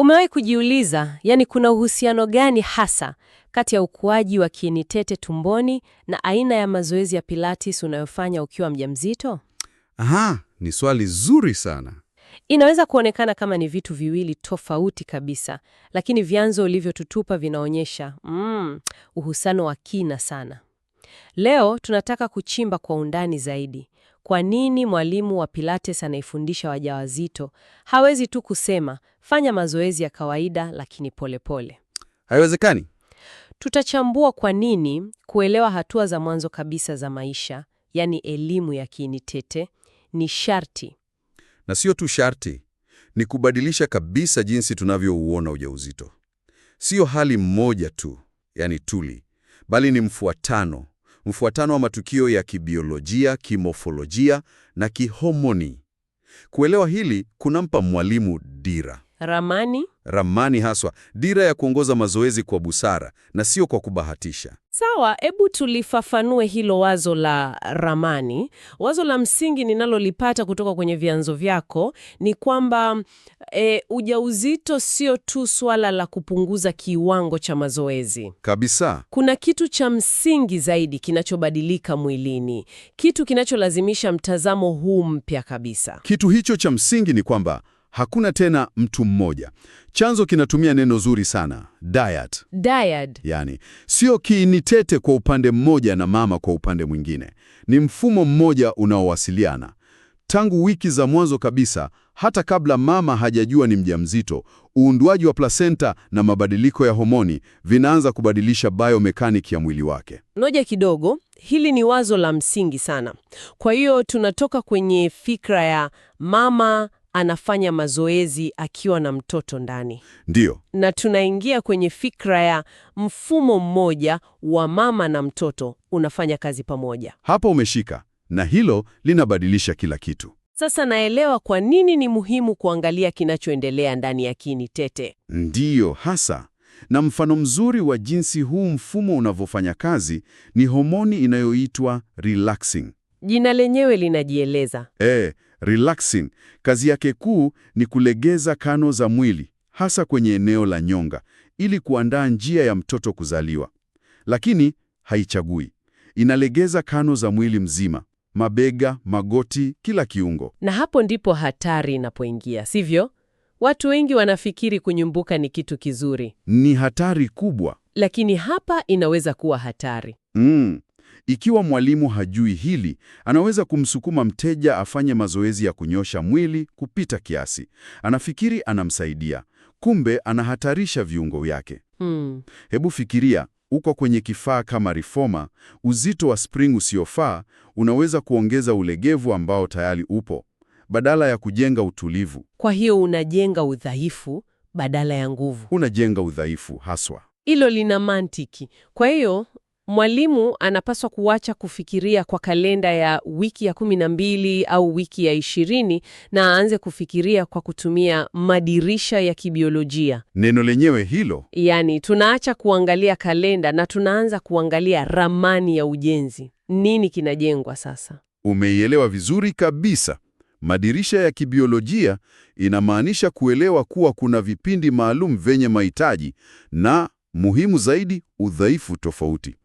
Umewahi kujiuliza, yani kuna uhusiano gani hasa kati ya ukuaji wa kiini tete tumboni na aina ya mazoezi ya Pilates unayofanya ukiwa mjamzito? Aha, ni swali zuri sana. Inaweza kuonekana kama ni vitu viwili tofauti kabisa, lakini vyanzo ulivyotutupa vinaonyesha mm, uhusiano wa kina sana. Leo tunataka kuchimba kwa undani zaidi, kwa nini mwalimu wa Pilates anayefundisha wajawazito hawezi tu kusema fanya mazoezi ya kawaida lakini polepole? Haiwezekani. Tutachambua kwa nini, kuelewa hatua za mwanzo kabisa za maisha, yani elimu ya kiini tete ni sharti, na sio tu sharti, ni kubadilisha kabisa jinsi tunavyouona ujauzito. Sio hali mmoja tu, yani tuli, bali ni mfuatano mfuatano wa matukio ya kibiolojia, kimofolojia na kihomoni. Kuelewa hili kunampa mwalimu dira. Ramani? Ramani haswa, dira ya kuongoza mazoezi kwa busara na sio kwa kubahatisha. Sawa, hebu tulifafanue hilo wazo la ramani. Wazo la msingi ninalolipata kutoka kwenye vyanzo vyako ni kwamba e, ujauzito sio tu swala la kupunguza kiwango cha mazoezi kabisa. Kuna kitu cha msingi zaidi kinachobadilika mwilini, kitu kinacholazimisha mtazamo huu mpya kabisa. Kitu hicho cha msingi ni kwamba Hakuna tena mtu mmoja. Chanzo kinatumia neno zuri sana, dyad. Dyad. Yani, sio kiinitete kwa upande mmoja na mama kwa upande mwingine. Ni mfumo mmoja unaowasiliana. Tangu wiki za mwanzo kabisa, hata kabla mama hajajua ni mjamzito, uundwaji wa plasenta na mabadiliko ya homoni vinaanza kubadilisha biomechanic ya mwili wake. noja kidogo, hili ni wazo la msingi sana. Kwa hiyo tunatoka kwenye fikra ya mama anafanya mazoezi akiwa na mtoto ndani. Ndiyo, na tunaingia kwenye fikra ya mfumo mmoja wa mama na mtoto unafanya kazi pamoja. Hapo umeshika, na hilo linabadilisha kila kitu. Sasa naelewa kwa nini ni muhimu kuangalia kinachoendelea ndani ya kini tete. Ndiyo hasa, na mfano mzuri wa jinsi huu mfumo unavyofanya kazi ni homoni inayoitwa Jina lenyewe linajieleza. Eh, Relaxing kazi yake kuu ni kulegeza kano za mwili, hasa kwenye eneo la nyonga, ili kuandaa njia ya mtoto kuzaliwa. Lakini haichagui, inalegeza kano za mwili mzima, mabega, magoti, kila kiungo. Na hapo ndipo hatari inapoingia, sivyo? Watu wengi wanafikiri kunyumbuka ni kitu kizuri. Ni hatari kubwa, lakini hapa inaweza kuwa hatari mm. Ikiwa mwalimu hajui hili, anaweza kumsukuma mteja afanye mazoezi ya kunyosha mwili kupita kiasi. Anafikiri anamsaidia, kumbe anahatarisha viungo vyake. Hmm. Hebu fikiria, uko kwenye kifaa kama reformer, uzito wa spring usiofaa unaweza kuongeza ulegevu ambao tayari upo, badala ya kujenga utulivu. Kwa hiyo unajenga udhaifu badala ya nguvu. Unajenga udhaifu haswa. Hilo lina mantiki. Kwa hiyo mwalimu anapaswa kuacha kufikiria kwa kalenda ya wiki ya kumi na mbili au wiki ya ishirini na aanze kufikiria kwa kutumia madirisha ya kibiolojia. Neno lenyewe hilo, yaani tunaacha kuangalia kalenda na tunaanza kuangalia ramani ya ujenzi. Nini kinajengwa sasa? Umeielewa vizuri kabisa. Madirisha ya kibiolojia inamaanisha kuelewa kuwa kuna vipindi maalum vyenye mahitaji na muhimu zaidi, udhaifu tofauti.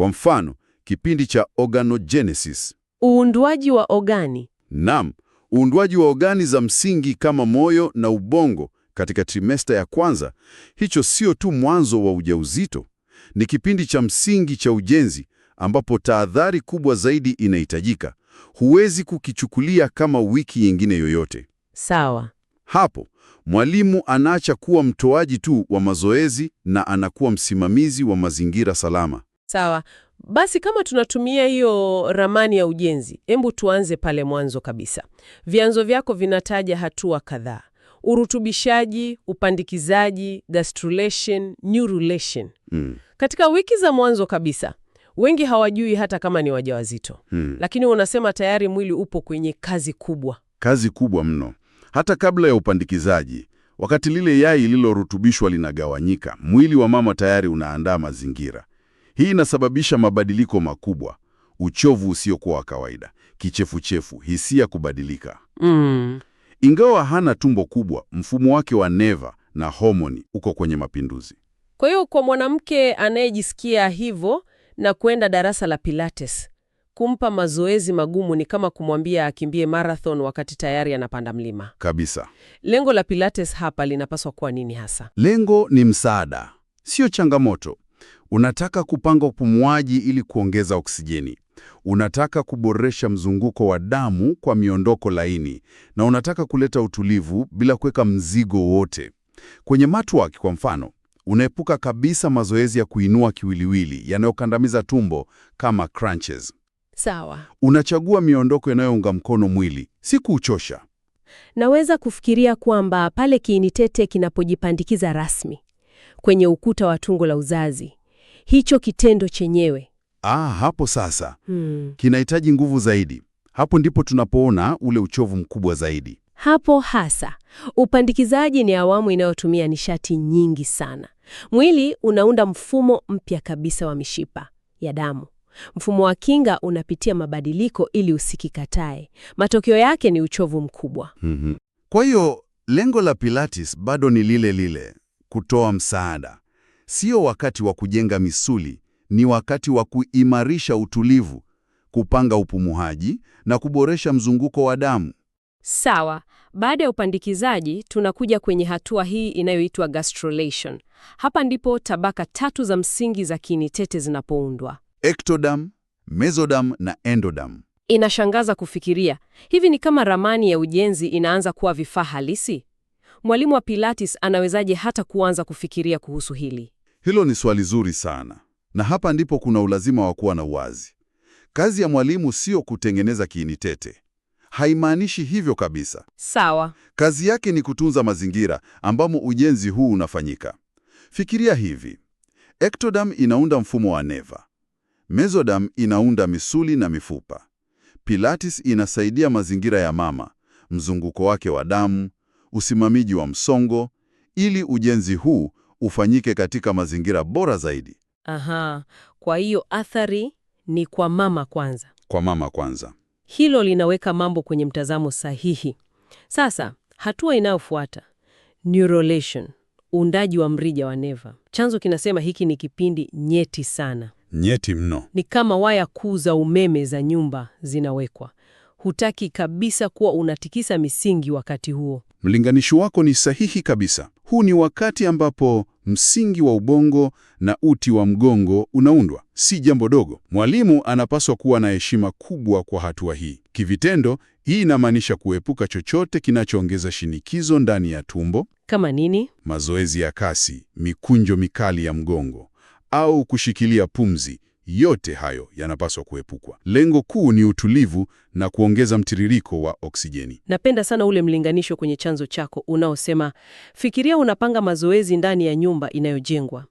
Kwa mfano, kipindi cha organogenesis, uundwaji wa ogani. Naam, uundwaji wa ogani za msingi kama moyo na ubongo katika trimesta ya kwanza. Hicho sio tu mwanzo wa ujauzito, ni kipindi cha msingi cha ujenzi ambapo tahadhari kubwa zaidi inahitajika. Huwezi kukichukulia kama wiki nyingine yoyote. Sawa. Hapo mwalimu anaacha kuwa mtoaji tu wa mazoezi na anakuwa msimamizi wa mazingira salama. Sawa. Basi kama tunatumia hiyo ramani ya ujenzi, hebu tuanze pale mwanzo kabisa. Vyanzo vyako vinataja hatua kadhaa: urutubishaji, upandikizaji, gastrulation, neurulation. Mm. Katika wiki za mwanzo kabisa wengi hawajui hata kama ni wajawazito. Mm. Lakini unasema tayari mwili upo kwenye kazi kubwa, kazi kubwa mno. Hata kabla ya upandikizaji, wakati lile yai lililorutubishwa linagawanyika, mwili wa mama tayari unaandaa mazingira hii inasababisha mabadiliko makubwa, uchovu usiokuwa wa kawaida, kichefuchefu, hisia kubadilika. Mm. Ingawa hana tumbo kubwa, mfumo wake wa neva na homoni uko kwenye mapinduzi. Kwa hiyo kwa mwanamke anayejisikia hivyo na kuenda darasa la Pilates, kumpa mazoezi magumu ni kama kumwambia akimbie marathon wakati tayari anapanda mlima kabisa. Lengo la Pilates hapa linapaswa kuwa nini hasa? Lengo ni msaada, sio changamoto. Unataka kupanga upumuaji ili kuongeza oksijeni. Unataka kuboresha mzunguko wa damu kwa miondoko laini na unataka kuleta utulivu bila kuweka mzigo wote. Kwenye matuaki kwa mfano, unaepuka kabisa mazoezi ya kuinua kiwiliwili yanayokandamiza tumbo kama crunches. Sawa. Unachagua miondoko inayounga mkono mwili, si kuuchosha. Naweza kufikiria kwamba pale kiinitete kinapojipandikiza rasmi kwenye ukuta wa tungo la uzazi hicho kitendo chenyewe. Ah, hapo sasa hmm, kinahitaji nguvu zaidi. Hapo ndipo tunapoona ule uchovu mkubwa zaidi. Hapo hasa upandikizaji ni awamu inayotumia nishati nyingi sana. Mwili unaunda mfumo mpya kabisa wa mishipa ya damu. Mfumo wa kinga unapitia mabadiliko ili usikikatae. Matokeo yake ni uchovu mkubwa. Mm -hmm. Kwa hiyo lengo la Pilates bado ni lile lile, kutoa msaada, Sio wakati wa kujenga misuli, ni wakati wa kuimarisha utulivu, kupanga upumuaji na kuboresha mzunguko wa damu. Sawa. Baada ya upandikizaji, tunakuja kwenye hatua hii inayoitwa gastrulation. Hapa ndipo tabaka tatu za msingi za kiini tete zinapoundwa: ectoderm, mesoderm na endoderm. Inashangaza kufikiria hivi, ni kama ramani ya ujenzi inaanza kuwa vifaa halisi. Mwalimu wa Pilates anawezaje hata kuanza kufikiria kuhusu hili? Hilo ni swali zuri sana, na hapa ndipo kuna ulazima wa kuwa na uwazi. Kazi ya mwalimu sio kutengeneza kiini tete, haimaanishi hivyo kabisa. Sawa. Kazi yake ni kutunza mazingira ambamo ujenzi huu unafanyika. Fikiria hivi: ectoderm inaunda mfumo wa neva, mesoderm inaunda misuli na mifupa, pilates inasaidia mazingira ya mama, mzunguko wake wa damu, usimamizi wa msongo, ili ujenzi huu ufanyike katika mazingira bora zaidi. Aha, kwa hiyo athari ni kwa mama kwanza. Kwa mama kwanza, hilo linaweka mambo kwenye mtazamo sahihi. Sasa hatua inayofuata neurulation, uundaji wa mrija wa neva. Chanzo kinasema hiki ni kipindi nyeti sana, nyeti mno. Ni kama waya kuu za umeme za nyumba zinawekwa. Hutaki kabisa kuwa unatikisa misingi wakati huo. Mlinganisho wako ni sahihi kabisa. Huu ni wakati ambapo msingi wa ubongo na uti wa mgongo unaundwa. Si jambo dogo. Mwalimu anapaswa kuwa na heshima kubwa kwa hatua hii. Kivitendo, hii inamaanisha kuepuka chochote kinachoongeza shinikizo ndani ya tumbo. Kama nini? Mazoezi ya kasi, mikunjo mikali ya mgongo au kushikilia pumzi yote hayo yanapaswa kuepukwa. Lengo kuu ni utulivu na kuongeza mtiririko wa oksijeni. Napenda sana ule mlinganisho kwenye chanzo chako unaosema, fikiria unapanga mazoezi ndani ya nyumba inayojengwa.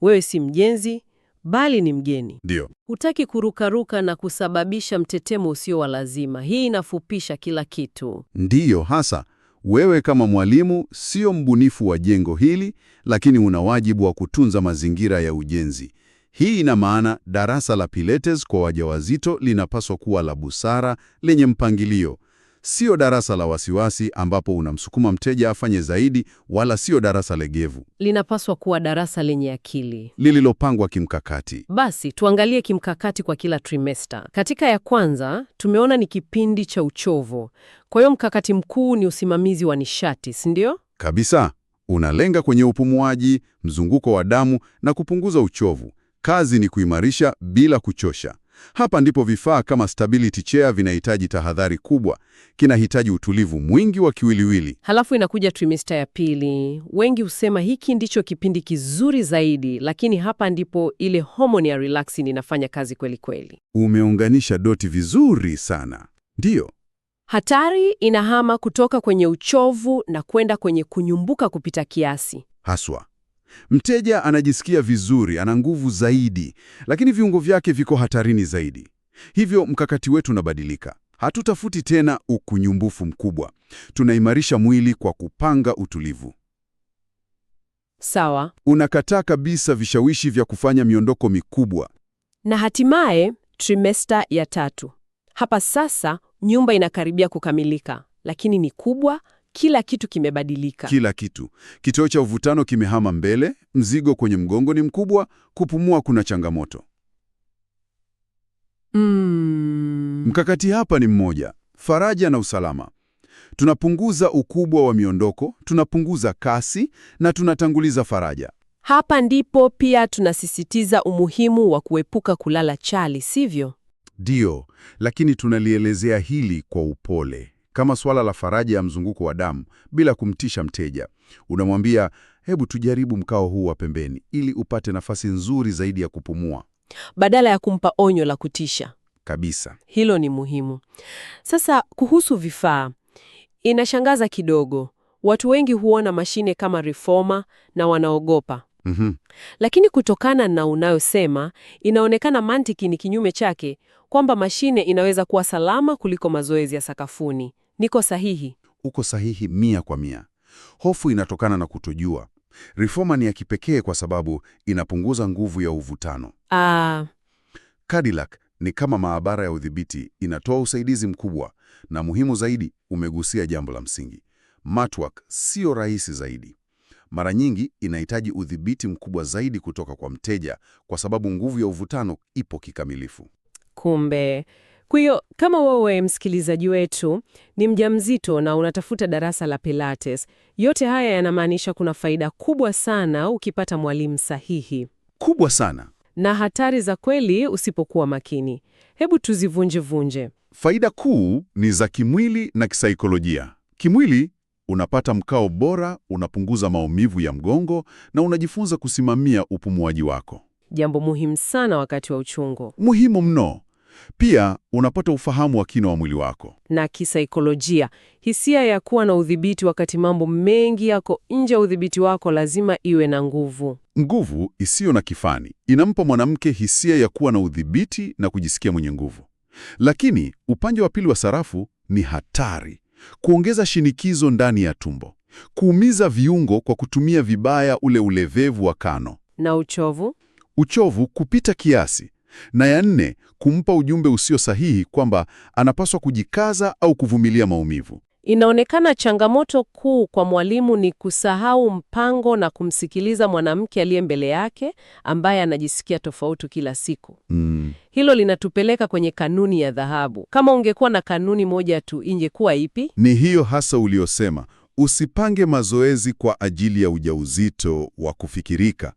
Wewe si mjenzi, bali ni mgeni. Ndio, hutaki kurukaruka na kusababisha mtetemo usio wa lazima. Hii inafupisha kila kitu. Ndiyo hasa wewe kama mwalimu sio mbunifu wa jengo hili, lakini una wajibu wa kutunza mazingira ya ujenzi hii ina maana darasa la Pilates kwa wajawazito linapaswa kuwa la busara, lenye mpangilio, sio darasa la wasiwasi ambapo unamsukuma mteja afanye zaidi, wala sio darasa legevu. Linapaswa kuwa darasa lenye akili, lililopangwa kimkakati. Basi tuangalie kimkakati kwa kila trimester. Katika ya kwanza tumeona ni kipindi cha uchovu, kwa hiyo mkakati mkuu ni usimamizi wa nishati, si ndio? Kabisa, unalenga kwenye upumuaji, mzunguko wa damu na kupunguza uchovu Kazi ni kuimarisha bila kuchosha. Hapa ndipo vifaa kama stability chair vinahitaji tahadhari kubwa. Kinahitaji utulivu mwingi wa kiwiliwili. Halafu inakuja trimester ya pili. Wengi husema hiki ndicho kipindi kizuri zaidi, lakini hapa ndipo ile homoni ya relaxing inafanya kazi kweli kweli. Umeunganisha doti vizuri sana. Ndiyo. Hatari inahama kutoka kwenye uchovu na kwenda kwenye kunyumbuka kupita kiasi. Haswa. Mteja anajisikia vizuri, ana nguvu zaidi, lakini viungo vyake viko hatarini zaidi. Hivyo mkakati wetu unabadilika. Hatutafuti tena ukunyumbufu mkubwa, tunaimarisha mwili kwa kupanga utulivu. Sawa. Unakataa kabisa vishawishi vya kufanya miondoko mikubwa. Na hatimaye trimesta ya tatu. Hapa sasa nyumba inakaribia kukamilika, lakini ni kubwa, kila kitu kimebadilika, kila kitu. Kituo cha uvutano kimehama mbele, mzigo kwenye mgongo ni mkubwa, kupumua kuna changamoto. Mm. Mkakati hapa ni mmoja: faraja na usalama. Tunapunguza ukubwa wa miondoko, tunapunguza kasi na tunatanguliza faraja. Hapa ndipo pia tunasisitiza umuhimu wa kuepuka kulala chali, sivyo? Ndio, lakini tunalielezea hili kwa upole kama swala la faraja ya mzunguko wa damu, bila kumtisha mteja. Unamwambia, hebu tujaribu mkao huu wa pembeni ili upate nafasi nzuri zaidi ya kupumua, badala ya kumpa onyo la kutisha kabisa. Hilo ni muhimu. Sasa kuhusu vifaa, inashangaza kidogo. Watu wengi huona mashine kama reformer na wanaogopa. Mm -hmm. Lakini kutokana na unayosema, inaonekana mantiki ni kinyume chake, kwamba mashine inaweza kuwa salama kuliko mazoezi ya sakafuni niko sahihi? Uko sahihi mia kwa mia. Hofu inatokana na kutojua. Reforma ni ya kipekee kwa sababu inapunguza nguvu ya uvutano. Ah. Cadillac ni kama maabara ya udhibiti, inatoa usaidizi mkubwa, na muhimu zaidi, umegusia jambo la msingi. Matwork sio rahisi zaidi. Mara nyingi inahitaji udhibiti mkubwa zaidi kutoka kwa mteja, kwa sababu nguvu ya uvutano ipo kikamilifu. Kumbe kwa hiyo kama wewe msikilizaji wetu ni mjamzito na unatafuta darasa la Pilates, yote haya yanamaanisha kuna faida kubwa sana ukipata mwalimu sahihi, kubwa sana na hatari za kweli usipokuwa makini. Hebu tuzivunje vunje. Faida kuu ni za kimwili na kisaikolojia. Kimwili, unapata mkao bora, unapunguza maumivu ya mgongo na unajifunza kusimamia upumuaji wako, jambo muhimu sana wakati wa uchungu. Muhimu mno. Pia unapata ufahamu wa kina wa mwili wako. Na kisaikolojia, hisia ya kuwa na udhibiti wakati mambo mengi yako nje ya udhibiti wako lazima iwe na nguvu. Nguvu isiyo na kifani inampa mwanamke hisia ya kuwa na udhibiti na kujisikia mwenye nguvu. Lakini upande wa pili wa sarafu ni hatari: kuongeza shinikizo ndani ya tumbo, kuumiza viungo kwa kutumia vibaya ule ulevevu wa kano, na uchovu uchovu kupita kiasi na ya nne kumpa ujumbe usio sahihi kwamba anapaswa kujikaza au kuvumilia maumivu. Inaonekana changamoto kuu kwa mwalimu ni kusahau mpango na kumsikiliza mwanamke aliye mbele yake ambaye anajisikia tofauti kila siku. Mm. Hilo linatupeleka kwenye kanuni ya dhahabu. Kama ungekuwa na kanuni moja tu, ingekuwa ipi? Ni hiyo hasa uliyosema, usipange mazoezi kwa ajili ya ujauzito wa kufikirika,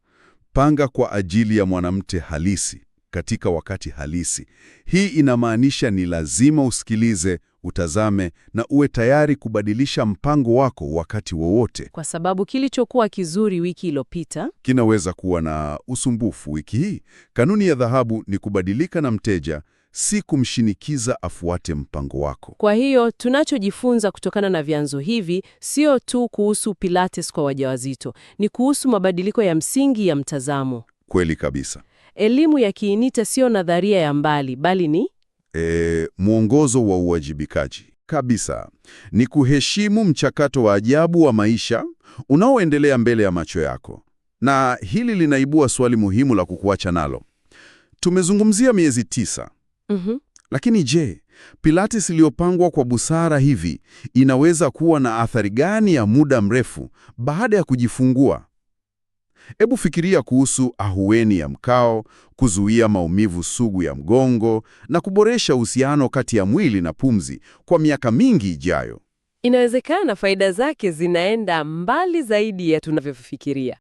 panga kwa ajili ya mwanamke halisi katika wakati halisi. Hii inamaanisha ni lazima usikilize, utazame na uwe tayari kubadilisha mpango wako wakati wowote, kwa sababu kilichokuwa kizuri wiki iliyopita kinaweza kuwa na usumbufu wiki hii. Kanuni ya dhahabu ni kubadilika na mteja, si kumshinikiza afuate mpango wako. Kwa hiyo tunachojifunza kutokana na vyanzo hivi sio tu kuhusu Pilates kwa wajawazito, ni kuhusu mabadiliko ya msingi ya mtazamo. Kweli kabisa elimu ya Kiinita sio nadharia ya mbali, bali ni e, mwongozo wa uwajibikaji kabisa. Ni kuheshimu mchakato wa ajabu wa maisha unaoendelea mbele ya macho yako, na hili linaibua swali muhimu la kukuacha nalo. Tumezungumzia miezi tisa. mm -hmm. Lakini je, Pilates iliyopangwa kwa busara hivi inaweza kuwa na athari gani ya muda mrefu baada ya kujifungua? Hebu fikiria kuhusu ahueni ya mkao, kuzuia maumivu sugu ya mgongo na kuboresha uhusiano kati ya mwili na pumzi kwa miaka mingi ijayo. Inawezekana faida zake zinaenda mbali zaidi ya tunavyofikiria.